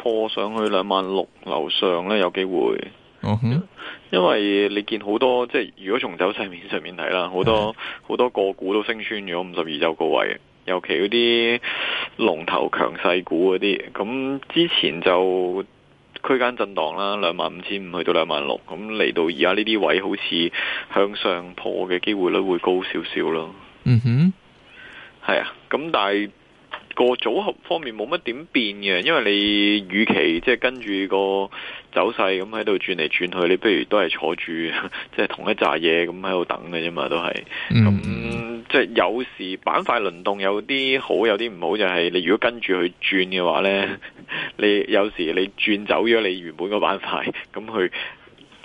破上去兩萬六樓上咧，有機會。哦嗯，因為你見好多，即係如果從走勢面上面睇啦，好多好多個股都升穿咗五十二周高位，尤其嗰啲龍頭強勢股嗰啲。咁之前就區間震盪啦，兩萬五千五去到兩萬六，咁嚟到而家呢啲位，好似向上破嘅機會率會高少少咯。嗯哼，係啊，咁但係。個組合方面冇乜點變嘅，因為你與其即係、就是、跟住個走勢咁喺度轉嚟轉去，你不如都係坐住，即、就、係、是、同一紮嘢咁喺度等嘅啫嘛，都係。咁即係有時板塊輪動有啲好，有啲唔好，就係、是、你如果跟住去轉嘅話呢，你有時你轉走咗你原本個板塊，咁去。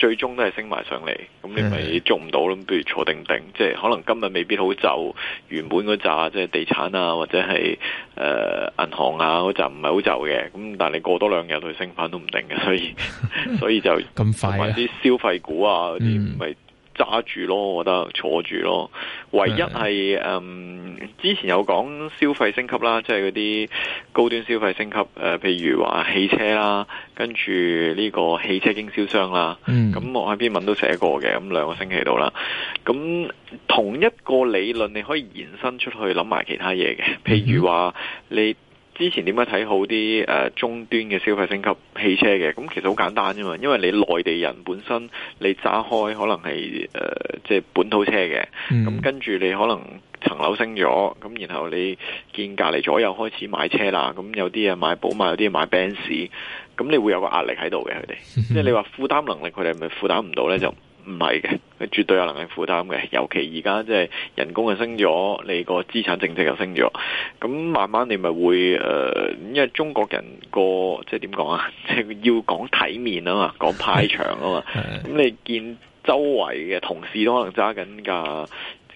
最終都係升埋上嚟，咁你咪捉唔到咯？不如坐定定，即係可能今日未必好就原本嗰扎，即係地產啊或者係誒銀行啊嗰扎唔係好就嘅，咁但係你過多兩日佢升翻都唔定嘅，所以 所以就買啲 快、啊、消費股啊，啲唔係。嗯揸住咯，我覺得坐住咯。唯一係，嗯，之前有講消費升級啦，即係嗰啲高端消費升級，誒、呃，譬如話汽車啦，跟住呢個汽車經銷商啦。咁、嗯、我喺篇文都寫過嘅，咁兩個星期到啦。咁同一個理論你可以延伸出去諗埋其他嘢嘅，譬如話你。之前點解睇好啲誒中端嘅消費升級汽車嘅？咁其實好簡單啫嘛，因為你內地人本身你揸開可能係誒、呃、即係本土車嘅，咁、嗯、跟住你可能層樓升咗，咁然後你見隔離左右開始買車啦，咁有啲嘢買寶馬，有啲嘢買 Benz，咁你會有個壓力喺度嘅，佢哋，即係你話負擔能力佢哋咪負擔唔到呢？就。唔係嘅，佢絕對有能力負擔嘅。尤其而家即係人工又升咗，你個資產淨值又升咗，咁慢慢你咪會誒、呃，因為中國人個即係點講啊，即係要講體面啊嘛，講派場啊嘛，咁 你見周圍嘅同事都可能揸緊㗎。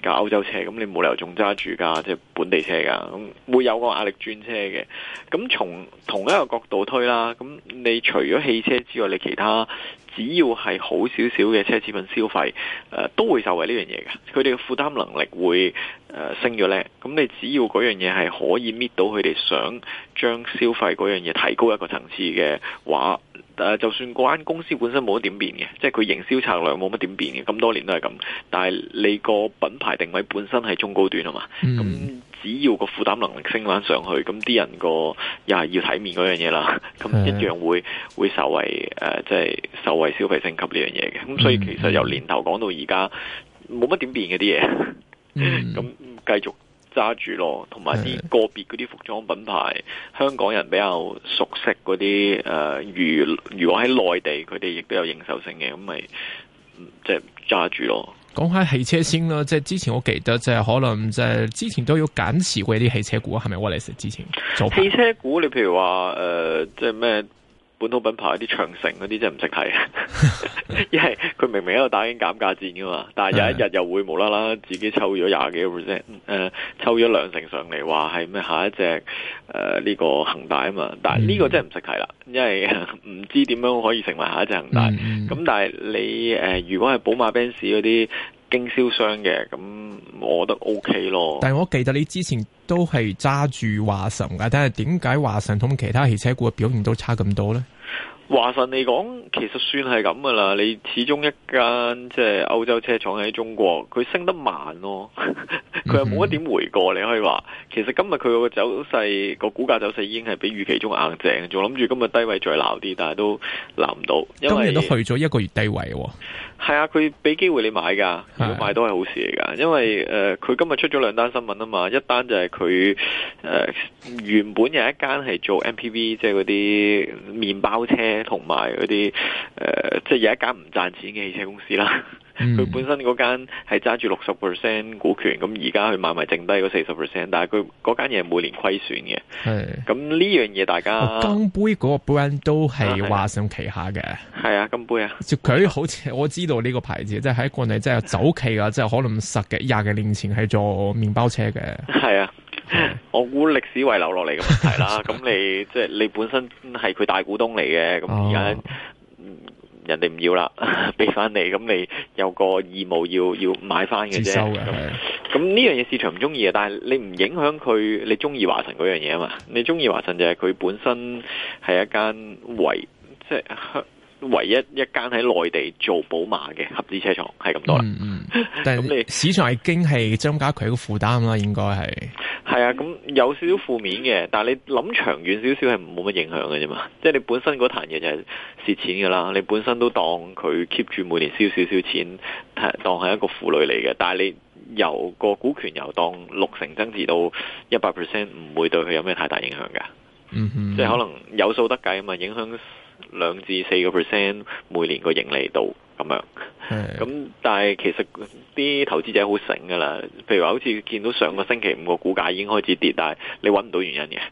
架歐洲車，咁你冇理由仲揸住架即係本地車噶，會有個壓力轉車嘅。咁從同一個角度推啦，咁你除咗汽車之外，你其他只要係好少少嘅奢侈品消費、呃，都會受惠呢樣嘢嘅。佢哋嘅負擔能力會、呃、升咗咧。咁你只要嗰樣嘢係可以搣到佢哋想將消費嗰樣嘢提高一個層次嘅話。誒，就算嗰間公司本身冇乜點變嘅，即係佢營銷策略冇乜點變嘅，咁多年都係咁。但係你個品牌定位本身係中高端啊嘛，咁、嗯嗯嗯、只要個負擔能力升翻上去，咁啲人個又係要睇面嗰樣嘢啦，咁一樣會是會受惠誒，即、呃、係受惠消費升級呢樣嘢嘅。咁所以其實由年頭講到而家，冇乜點變嘅啲嘢，咁繼續。揸住咯，同埋啲個別嗰啲服裝品牌，香港人比較熟悉嗰啲，誒如，如果喺內地佢哋亦都有認受性嘅，咁咪即係揸住咯。講開汽車先啦，即係之前我記得即係可能即係之前都有減持過啲汽車股，係咪？Wallace 之前，之前前汽車股你譬如話誒，即係咩？就是本土品牌啲長城嗰啲真係唔識睇， 因為佢明明喺度打緊減價戰噶嘛，但係有一日又會無啦啦自己抽咗廿幾個 percent，誒抽咗兩成上嚟話係咩？下一隻誒呢個恒大啊嘛，但係呢個真係唔識睇啦，因為唔知點樣可以成為下一隻恒大。咁、嗯、但係你誒、呃，如果係寶馬、奔馳嗰啲。經銷商嘅，咁我覺得 OK 咯。但係我記得你之前都係揸住華晨噶，但係點解華晨同其他汽車股嘅表現都差咁多呢？華晨嚟講，其實算係咁噶啦。你始終一間即係歐洲車廠喺中國，佢升得慢咯，佢又冇一點回過。嗯、哼你可以話，其實今日佢個走勢、個股價走勢已經係比預期中硬正，仲諗住今日低位再撈啲，但係都撈唔到。因為今日都去咗一個月低位、哦。係啊，佢俾機會你買噶，如果買都係好事嚟噶，因為誒，佢今日出咗兩單新聞啊嘛，一單就係佢誒，原本有一間係做 MPV，即係嗰啲麵包車同埋嗰啲誒，即係有一間唔賺錢嘅汽車公司啦。佢、嗯、本身嗰間係揸住六十 percent 股權，咁而家佢買埋剩低嗰四十 percent，但係佢嗰間嘢係每年虧損嘅。係是，咁呢樣嘢大家金、哦、杯嗰個 brand 都係華信旗下嘅。係啊，金、啊啊啊、杯啊。就佢好似我知道呢個牌子，即係喺國內即係早期 啊，即係可能十幾廿幾年前係做麵包車嘅。係啊，我估歷史遺留落嚟嘅問題啦。咁 你即係、就是、你本身係佢大股東嚟嘅，咁而家。哦人哋唔要啦，俾翻你，咁你有個義務要要買翻嘅啫。咁呢那的樣嘢市場唔中意啊，但係你唔影響佢，你中意華晨嗰樣嘢啊嘛？你中意華晨就係佢本身係一間維，即係。唯一一間喺內地做寶馬嘅合資車廠係咁多啦、嗯。嗯嗯。咁 你市場係已經係增加佢個負擔啦，應該係。係啊，咁有少少負面嘅，但係你諗長遠少少係冇乜影響嘅啫嘛。 即係你本身嗰壇嘢就係蝕錢㗎啦，你本身都當佢 keep 住每年燒少，少少錢，當係一個負累嚟嘅。但係你由個股權由當六成增持到一百 percent，唔會對佢有咩太大影響㗎。即係、嗯、哼可能有數得計啊嘛，影響。兩至四個 percent 每年個盈利度咁樣，咁 但係其實啲投資者好醒噶啦，譬如話好似見到上個星期五個股價已經開始跌，但係你揾唔到原因嘅，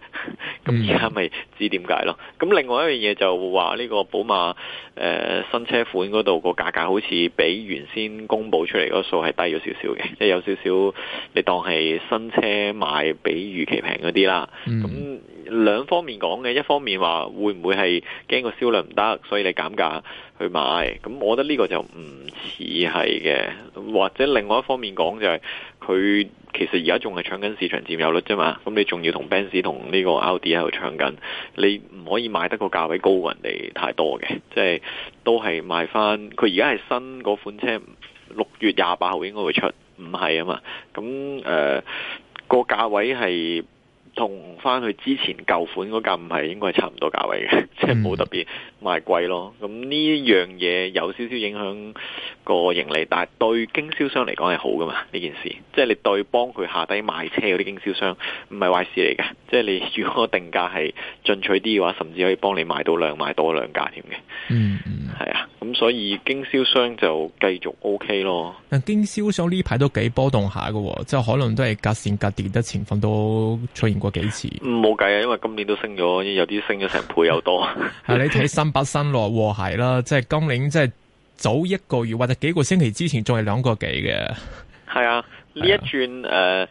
咁而家咪知點解咯。咁 另外一樣嘢就話呢個寶馬誒、呃、新車款嗰度個價格好似比原先公布出嚟嗰個數係低咗少少嘅，即係有少少你當係新車賣比預期平嗰啲啦。咁 兩方面講嘅，一方面話會唔會係驚個銷量唔得，所以你減價去買？咁我覺得呢個就唔似係嘅。或者另外一方面講就係、是，佢其實而家仲係搶緊市場佔有率啫嘛。咁你仲要同 Benz 同呢個奧迪喺度搶緊，你唔可以買得個價位高過人哋太多嘅。即係都係賣翻。佢而家係新嗰款車，六月廿八號應該會出，唔係啊嘛。咁誒、呃、個價位係。同翻佢之前舊款嗰架唔係應該係差唔多價位嘅，嗯、即係冇特別賣貴咯。咁呢樣嘢有少少影響個盈利，但係對經銷商嚟講係好噶嘛？呢件事，即係你對幫佢下低賣車嗰啲經銷商唔係壞事嚟嘅。即係你如果定價係進取啲嘅話，甚至可以幫你賣到兩賣多兩架添嘅。嗯，嗯，係啊。.咁所以經銷商就繼續 O、OK、K 咯。但經銷商呢排都幾波動下嘅、哦，即係可能都係隔線隔跌嘅情況都出現過幾次。冇計啊，因為今年都升咗，有啲升咗成倍有多、 啊。係你睇新北新樂和鞋啦，即、就、係、是、今年即係早一個月或者幾個星期之前仲係兩個幾嘅。係 啊，呢一轉誒。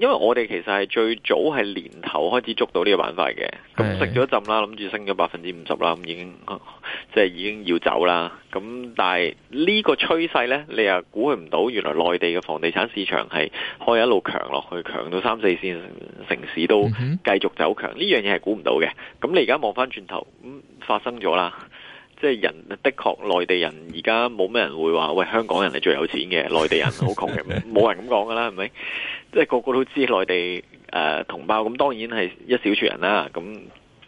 因為我哋其實係最早係年頭開始捉到呢個板塊嘅，咁食咗一浸啦，諗住升咗百分之五十啦，咁已經即係、就是、已經要走啦。咁、嗯、但係呢個趨勢呢，你又估佢唔到，原來內地嘅房地產市場係可以一路強落去，強到三四線城市都繼續走強，呢樣嘢係估唔到嘅。咁、嗯、你而家望翻轉頭，咁、嗯、發生咗啦。即係人的確，內地人而家冇咩人會話喂，香港人係最有錢嘅，內地人好窮嘅，冇 人咁講㗎啦，係咪？即係個個都知內地誒、呃、同胞，咁當然係一小撮人啦，咁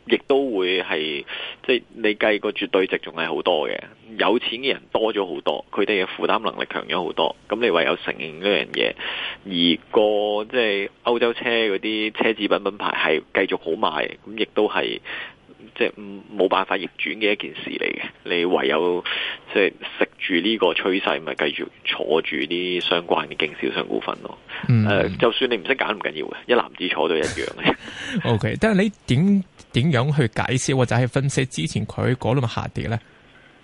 亦都會係即係你計個絕對值，仲係好多嘅，有錢嘅人多咗好多，佢哋嘅負擔能力強咗好多，咁你唯有承認呢樣嘢，而、那個即係歐洲車嗰啲奢侈品品牌係繼續好賣，咁亦都係。即係冇辦法逆轉嘅一件事嚟嘅，你唯有即係食住呢個趨勢，咪繼續坐住啲相關嘅經銷商股份咯。誒、嗯呃，就算你唔識揀唔緊要嘅，一籃子坐都係一樣嘅 、okay,。O K，但係你點點樣去解釋或者係分析之前佢嗰輪下跌咧？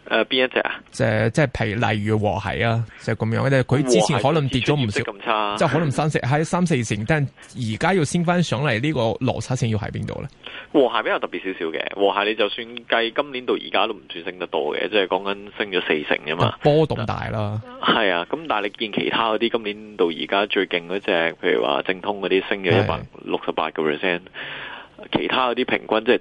誒，邊、呃、一隻啊，啊？即係即係譬例如和諧啊，就咁樣嘅。佢之前可能跌咗唔少，即係可能三四，喺的三四成，但係而家要升翻上嚟，呢個邏輯性要喺邊度咧？和諧比較特別少少嘅，和諧你就算計今年到而家都唔算升得多嘅，即係講緊升咗四成啫嘛。波動大啦，係啊。 咁但係你見其他嗰啲今年到而家最勁嗰隻，譬如話正通嗰啲升咗一百六十八個 percent，其他嗰啲平均即係。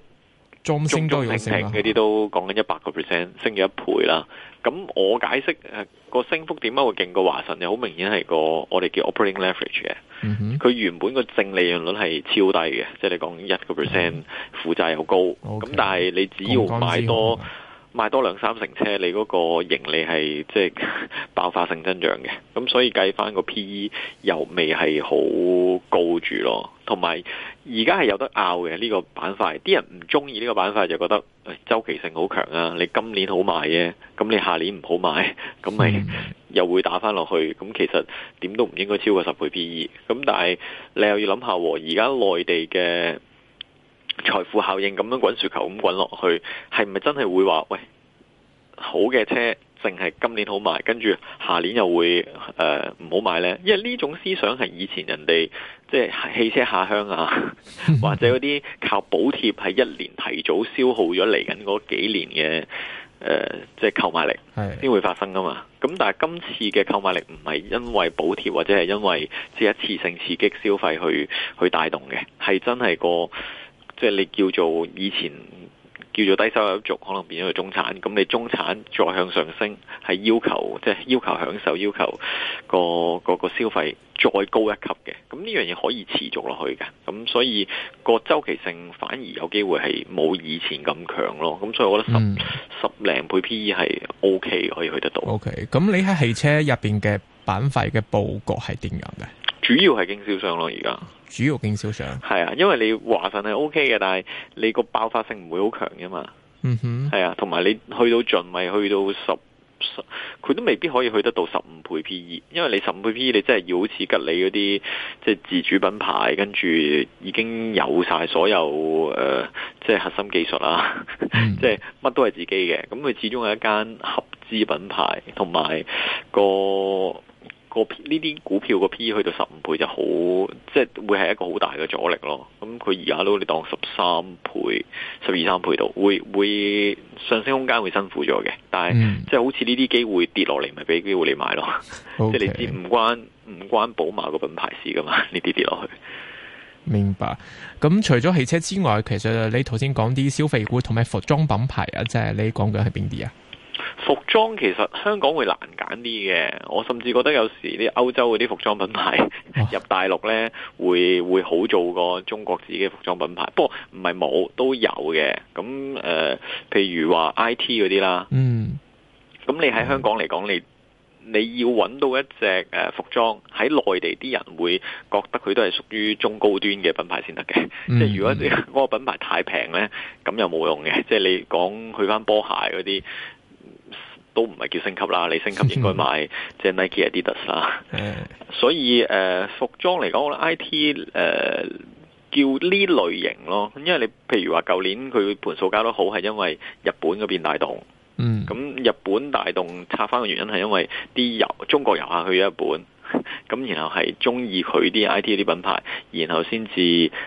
中 中東平嗰啲都講緊一百個 percent，升咗一倍啦。咁、 啊、我解釋誒個、啊、升幅點解會勁過華晨嘅，好明顯係個我哋叫 operating leverage 嘅、啊。佢原本個淨利潤率係超低嘅，即係講一個 percent 負債又高。咁、嗯 okay，啊、但係你只要買多買多兩三成車，你嗰個盈利係即係爆發性增長嘅。咁、啊、所以計翻個 PE 又未係好高住咯。同埋而家係有得拗嘅呢個板塊，啲人唔中意呢個板塊就覺得、哎、周期性好強啊！你今年好賣嘅，咁你下年唔好買，咁咪又會打翻落去。咁其實點都唔應該超過十倍 P E。咁但係你又要諗下，而家內地嘅財富效應咁樣滾雪球咁滾落去，係咪真係會話喂？好嘅車淨係今年好賣，跟住下年又會誒唔好買呢？因為呢種思想係以前人哋即係汽車下鄉啊， 或者嗰啲靠補貼係一年提早消耗咗嚟緊嗰幾年嘅誒、呃、即係購買力，先會發生噶嘛？咁 但係今次嘅購買力唔係因為補貼或者係因為即係一次性刺激消費去去帶動嘅，係真係個即係你叫做以前。叫做低收入族，可能變咗個中產。咁你中產再向上升，係要求即係、即係、要求享受，要求、個個消費再高一級嘅。咁呢樣嘢可以持續落去嘅。咁所以個周期性反而有機會係冇以前咁強咯。咁所以我覺得十、嗯、十零倍 P E 係 O K 可以去得到。O K。咁你喺汽車入邊嘅板塊嘅佈局係點樣嘅？主要係經銷商咯，而家主要經銷商係啊，因為你華晨係 O K 嘅，但係你個爆發性唔會好強㗎嘛。嗯哼，係啊，同埋你去到盡咪去到十十，佢都未必可以去得到十五倍 P E，因為你十五倍 P E 你真係要好似吉利嗰啲即係自主品牌，跟住已經有晒所有誒、呃、即係核心技術啦，嗯、 即係乜都係自己嘅。咁佢始終係一間合資品牌，同埋個。呢啲股票個 P 去到十五倍就好，即係會係一個好大嘅阻力咯。咁佢而家都你當十三倍、十二三倍度，會會上升空間會辛苦咗嘅。但係即係好似呢啲機會跌落嚟，咪俾機會你買咯。即係 okay, 你知唔關唔關寶馬個品牌事噶嘛？呢啲跌落去。明白。咁除咗汽車之外，其實你頭先講啲消費股同埋服裝品牌啊，即係你講嘅係邊啲啊？服裝其實香港會難揀啲嘅，我甚至覺得有時啲歐洲嗰啲服裝品牌入大陸呢，會會好做過中國自己嘅服裝品牌。不過唔係冇都有嘅，咁誒、呃，譬如話 IT 嗰啲啦。嗯。咁你喺香港嚟講，你你要揾到一隻誒服裝喺內地啲人會覺得佢都係屬於中高端嘅品牌先得嘅。嗯、即係如果嗰個品牌太平呢，咁又冇用嘅。即係你講去返波鞋嗰啲。都唔係叫升級啦，你升級應該買即係 Nike 啊、Adidas 啦，所以誒、呃、服裝嚟講，我覺得 IT 誒、呃、叫呢類型咯，因為你譬如話舊年佢盤數交得好，係因為日本嗰邊大動，嗯，咁日本大動拆翻嘅原因係因為啲遊中國遊客去咗日本。咁然後係中意佢啲 IT 啲品牌，然後先至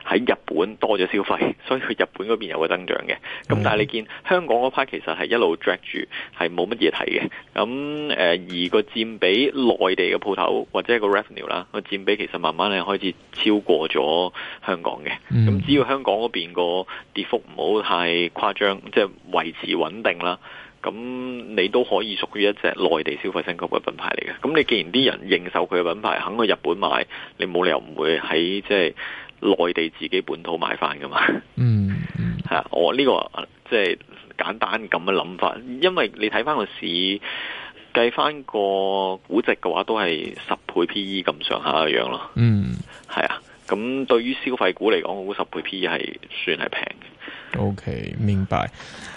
喺日本多咗消費，所以佢日本嗰邊有個增長嘅。咁但係你見香港嗰批其實係一路 drag 住，係冇乜嘢睇嘅。咁誒，而個佔比內地嘅鋪頭或者一個 revenue 啦，個佔比其實慢慢係開始超過咗香港嘅。咁只要香港嗰邊個跌幅唔好太誇張，即係維持穩定啦。咁你都可以屬於一隻內地消費升級嘅品牌嚟嘅。咁你既然啲人認受佢嘅品牌，肯去日本買，你冇理由唔會喺即係內地自己本土買翻噶嘛嗯。嗯，係啊、 這個，我呢個即係簡單咁嘅諗法，因為你睇翻個市計翻個估值嘅話都係十倍 P E 咁上下嘅樣咯。嗯，係 啊。咁對於消費股嚟講，我估十倍 P E 係算係平嘅。OK，明白。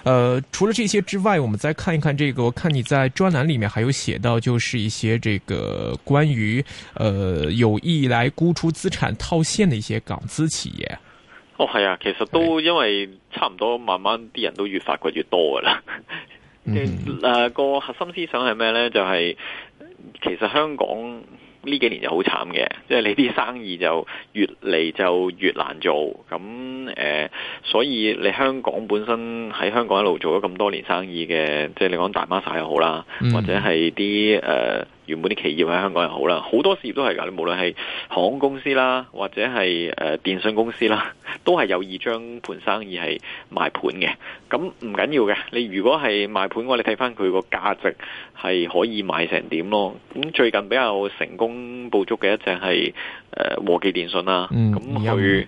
呃，除了這些之外，我們再看一看這個。我看你在專欄裏面還有寫到，就是一些這個關於，呃，有意來沽出資產套現的一些港資企業。哦，係啊，其實都因為差唔多，慢慢啲人都越發掘越多噶啦。 其實嗯。誒、呃，個核心思想係咩咧？就係、是、其實香港。呢幾年就好慘嘅，即係你啲生意就越嚟就越難做，咁誒、呃，所以你香港本身喺香港一路做咗咁多年生意嘅，即係你講大媽曬又好啦，或者係啲誒。呃原本啲企業喺香港又好啦，好多事業都係噶，你無論係航空公司啦，或者係誒電信公司啦，都係有意將盤生意係賣盤嘅。咁唔緊要嘅，你如果係賣盤嘅話，你睇翻佢個價值係可以賣成點咯。咁最近比較成功捕捉嘅一隻係誒和記電信啦，咁佢、嗯。它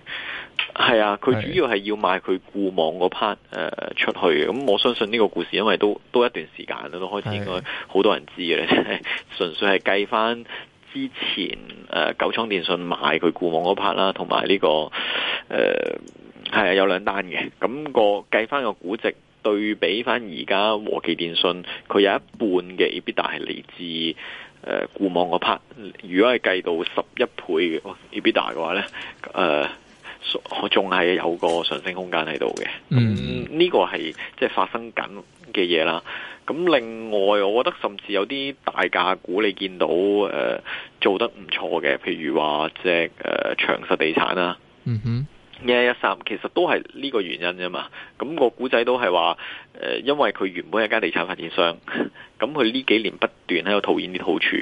係啊，佢主要係要賣佢固網嗰 part 誒出去，咁我相信呢個故事，因為都都一段時間啦，都開始應該好多人知嘅，純是的 粹係計翻之前誒、呃、九倉電信賣佢固網嗰 part 啦，同埋呢個誒係、呃啊、有兩單嘅，咁、那個計翻個估值對比翻而家和記電信，佢有一半嘅 EBITDA 係嚟自誒、呃、固網嗰 part，如果係計到十一倍嘅、哦、EBITDA 嘅話咧，誒、呃。我仲係有個上升空間喺度嘅，呢個係即係發生緊嘅嘢啦。咁另外，我覺得甚至有啲大價股你，你見到誒做得唔錯嘅，譬如話即誒長實地產啊，一一、嗯、哼三其實都係呢個原因啫嘛。咁、那個古仔都係話誒，因為佢原本係一間地產發展商，咁佢呢幾年不斷喺度套現啲套處，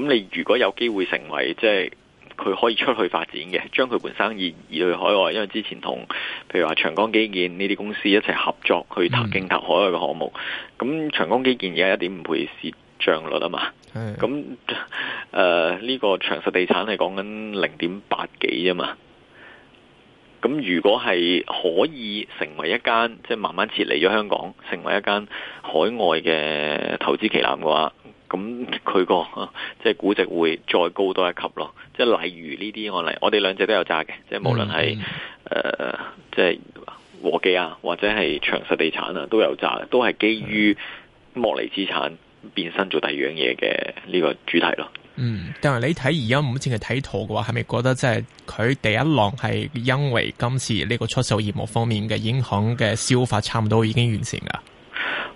咁你如果有機會成為即係。佢可以出去發展嘅，將佢本生意移去海外，因為之前同譬如話長江基建呢啲公司一齊合作去談競投海外嘅項目。咁、嗯、長江基建而家一點五倍市賬率啊嘛，咁誒呢個長實地產係講緊零點八幾啫嘛。咁如果係可以成為一間即係慢慢撤離咗香港，成為一間海外嘅投資旗艦嘅話，咁佢個即係估值會再高多一級咯，即係例如呢啲案例，我哋兩隻都有揸嘅，即係無論係誒即係和記啊，或者係長實地產啊，都有揸，都係基於剝離資產變身做第二樣嘢嘅呢個主題咯。嗯，但係你睇而家目前嘅睇圖嘅話，係咪覺得即係佢第一浪係因為今次呢個出售業務方面嘅影響嘅消化差唔多已經完成㗎？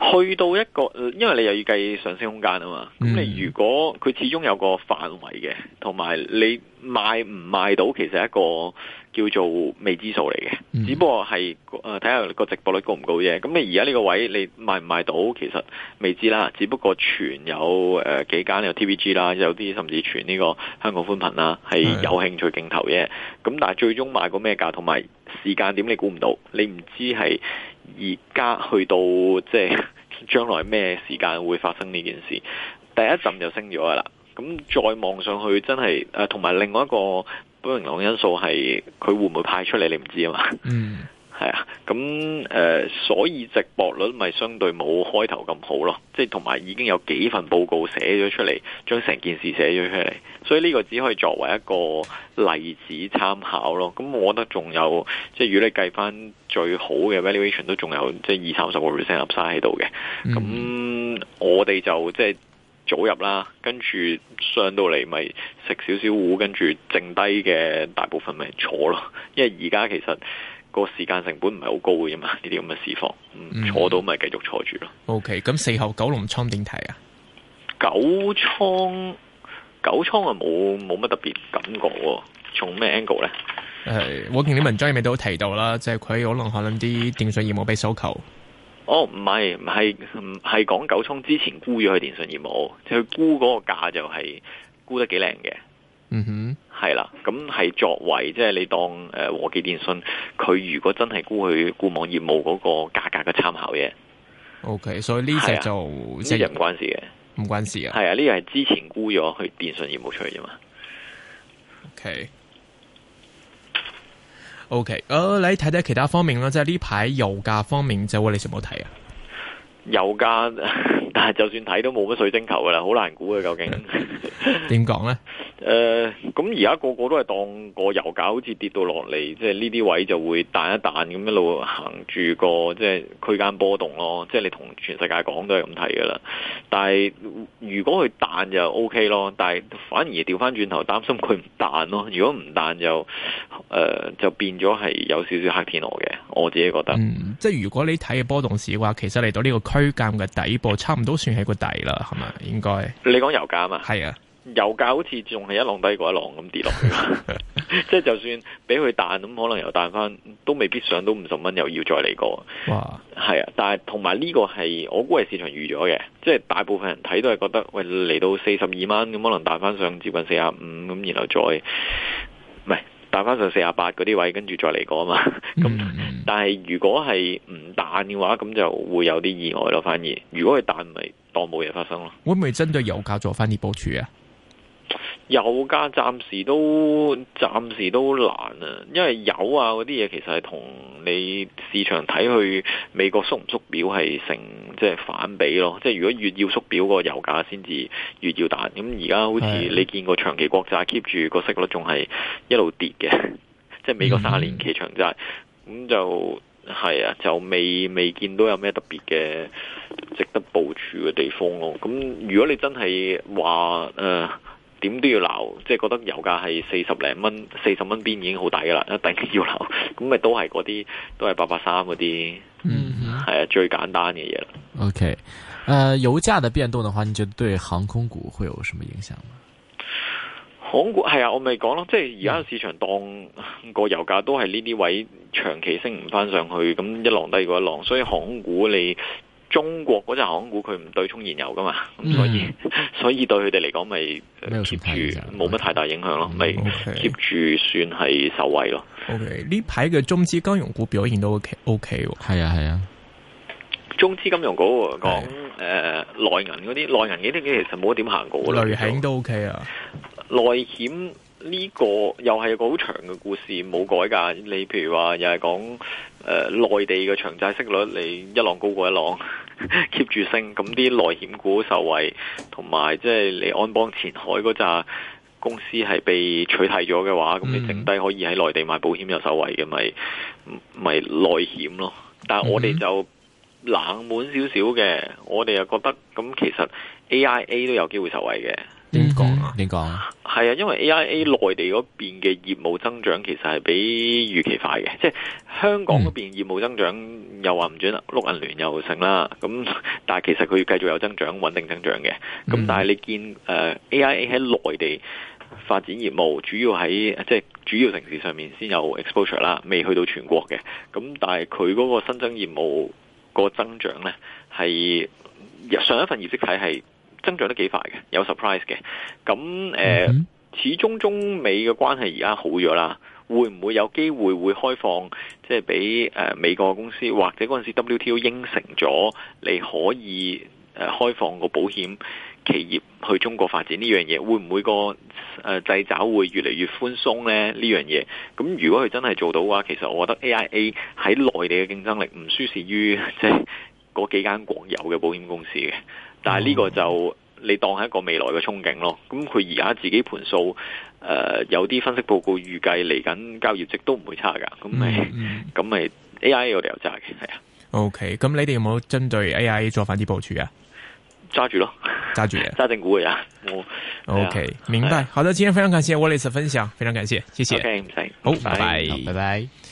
去到一個，因為你又要計上升空間啊嘛。咁、嗯、你如果佢始終有個範圍嘅，同埋你賣唔賣到，其實一個叫做未知數嚟嘅。嗯、只不過係誒睇下個直播率高唔高啫。咁你而家呢個位你賣唔賣到，其實未知啦。只不過傳有誒、呃、幾間有 TVG 啦，有啲甚至傳呢個香港寬頻啦係有興趣競投啫。咁的但係最終賣個咩價，同埋時間點你估唔到，你唔知係。而家去到即係將來咩時間會發生呢件事？第一陣就升咗噶啦，咁再望上去真係誒，同、呃、埋另外一個不明朗因素係佢會唔會派出嚟？你唔知啊嘛。嗯。係啊，咁誒、呃，所以值博率咪相對冇開頭咁好咯，即係同埋已經有幾份報告寫咗出嚟，將成件事寫咗出嚟，所以呢個只可以作為一個例子參考咯。咁我覺得仲有，即係如果你計翻最好嘅 valuation 都仲有、嗯、即係二三十個 percent upside 喺度嘅。咁我哋就即係早入啦，跟住上到嚟咪食少少糊，跟住剩低嘅大部分咪坐咯。因為而家其實。個時間成本唔係好高嘅啫嘛，呢啲咁嘅市況，坐到咪繼續坐住咯。O K，咁四號九龍倉點睇啊？九倉九倉啊，冇冇乜特別感覺。從咩 angle 咧？誒，我見啲文章亦都提到啦，即係佢可能可能啲電信業務被收購。哦，唔係唔係唔係講九倉之前估咗佢電信業務，即係估嗰個價就係、是、估得幾靚嘅。嗯哼，係啦、mm，咁、hmm. 係作為即係你當誒、呃、和記電信，佢如果真係估佢固網業務嗰個價格嘅參考嘅。O、okay, K，所以呢隻就的即係是唔關事嘅，唔關事啊。係啊，呢個係之前估咗佢電信業務出去啫嘛。O K，O K，誒，你睇睇其他方面啦，即係呢排油價方面，就係我哋有冇睇啊？油價，但係就算睇都冇乜水晶球噶啦，好難估嘅，究竟點講 呢？誒、呃，咁而家個個都係當個油價好似跌到落嚟，即係呢啲位就會彈一彈咁一路行住個即係區間波動咯。即係你同全世界講都係咁睇噶啦。但係如果佢彈就 OK 咯，但係反而掉翻轉頭擔心佢唔彈咯。如果唔彈就誒、呃、就變咗係有少少黑天鵝嘅。我自己覺得，嗯，即係如果你睇嘅波動市嘅話，其實嚟到呢個區間嘅底部，差唔多算係個底啦，係咪應該？你講油價啊嘛，係啊，油價好似仲係一浪低過一浪咁跌落去，即係 就算俾佢彈咁，可能又彈翻，都未必上到五十蚊，又要再嚟過。哇！係啊，但係同埋呢個係我估係市場預咗嘅，即係大部分人睇都係覺得，喂，嚟到四十二蚊咁，可能彈翻上接近四十五咁，然後再唔係。彈翻上四廿八嗰啲位，跟住再嚟過啊嘛。咁， 但係如果係唔彈嘅話，咁就會有啲意外咯。反而，如果佢彈，咪當冇嘢發生咯。會唔會針對油價做翻啲部署啊？油價暫時都暫時都難啊，因為油啊嗰啲嘢其實係同你市場睇去美國縮唔縮表係成即係、就是、反比咯。即係如果越要縮表，個油價先至越要彈。咁而家好似你見過長期國債 keep 住個息率仲係一路跌嘅，即係美國卅年期長債，咁就係啊，就未未見到有咩特別嘅值得部署嘅地方咯。咁如果你真係話誒？呃點都要留，即係覺得油價係四十零蚊、四十蚊邊已經好抵噶啦，一定要留。咁咪都係嗰啲，都係八八三嗰啲。嗯哼，係啊，最簡單嘅嘢。OK，誒、呃，油價嘅變動嘅話，你覺得對航空股會有什麼影響嗎？航空股係啊，我咪講咯，即係而家市場當個油價都係呢啲位，長期升唔翻上去，咁一浪低過一浪，所以航空股你。中國嗰隻航股佢唔對沖燃油噶嘛，咁、嗯、所以所以對佢哋嚟講咪 keep 住冇乜太大影響咯，咪 keep 住算係受惠咯。O K，呢排嘅中資金融股表現都 O K O K 喎，係啊係啊。啊中資金融股講誒、啊呃、內銀嗰啲內銀嗰啲其實冇點行過，類型都 O、okay、K 啊，內險。呢個又係一個好長嘅故事，冇改㗎。你譬如話又係講誒內地嘅長債息率，你一浪高過一浪，keep 住 升。咁啲內險股受惠，同埋即係你安邦前海嗰扎公司係被取締咗嘅話，咁、嗯、你剩低可以喺內地買保險又受惠嘅，咪咪內險咯。但係我哋就冷門少少嘅，我哋又覺得咁其實 AIA 都有機會受惠嘅。點講啊？點講？係啊、嗯，因為 AIA 內地嗰邊嘅業務增長其實係比預期快嘅，即係香港嗰邊業務增長，嗯、又話唔准碌銀聯又成啦。咁但係其實佢要繼續有增長，穩定增長嘅。咁、嗯、但係你見誒、呃、AIA 喺內地發展業務，主要喺即係主要城市上面先有 exposure 啦，未去到全國嘅。咁但係佢嗰個新增業務個增長咧，係上一份業績睇係。增長得幾快嘅，有 surprise 嘅。咁誒、呃，始終中美嘅關係而家好咗啦，會唔會有機會會開放，即係俾誒美國公司或者嗰陣時 WTO 應承咗，你可以誒、呃、開放個保險企業去中國發展呢樣嘢？會唔會、個誒掣肘會越嚟越寬鬆呢？呢樣嘢，咁如果佢真係做到嘅話，其實我覺得 AIA 喺內地嘅競爭力唔輸蝕於即係嗰幾間國有嘅保險公司嘅。但係呢個就你當係一個未來嘅憧憬咯。咁佢而家自己盤數，誒、呃，有啲分析報告預計嚟緊交業績都唔會差噶。咁咪咁咪 AIA 我哋又揸嘅，係啊。OK，咁你哋有冇針對 AIA 做翻啲部署啊？揸住咯，揸住，揸正 股嘅。我 OK，明白。好的，今天非常感謝 Wallace 分享，非常感謝謝謝。O K，唔使，好，拜拜，拜拜。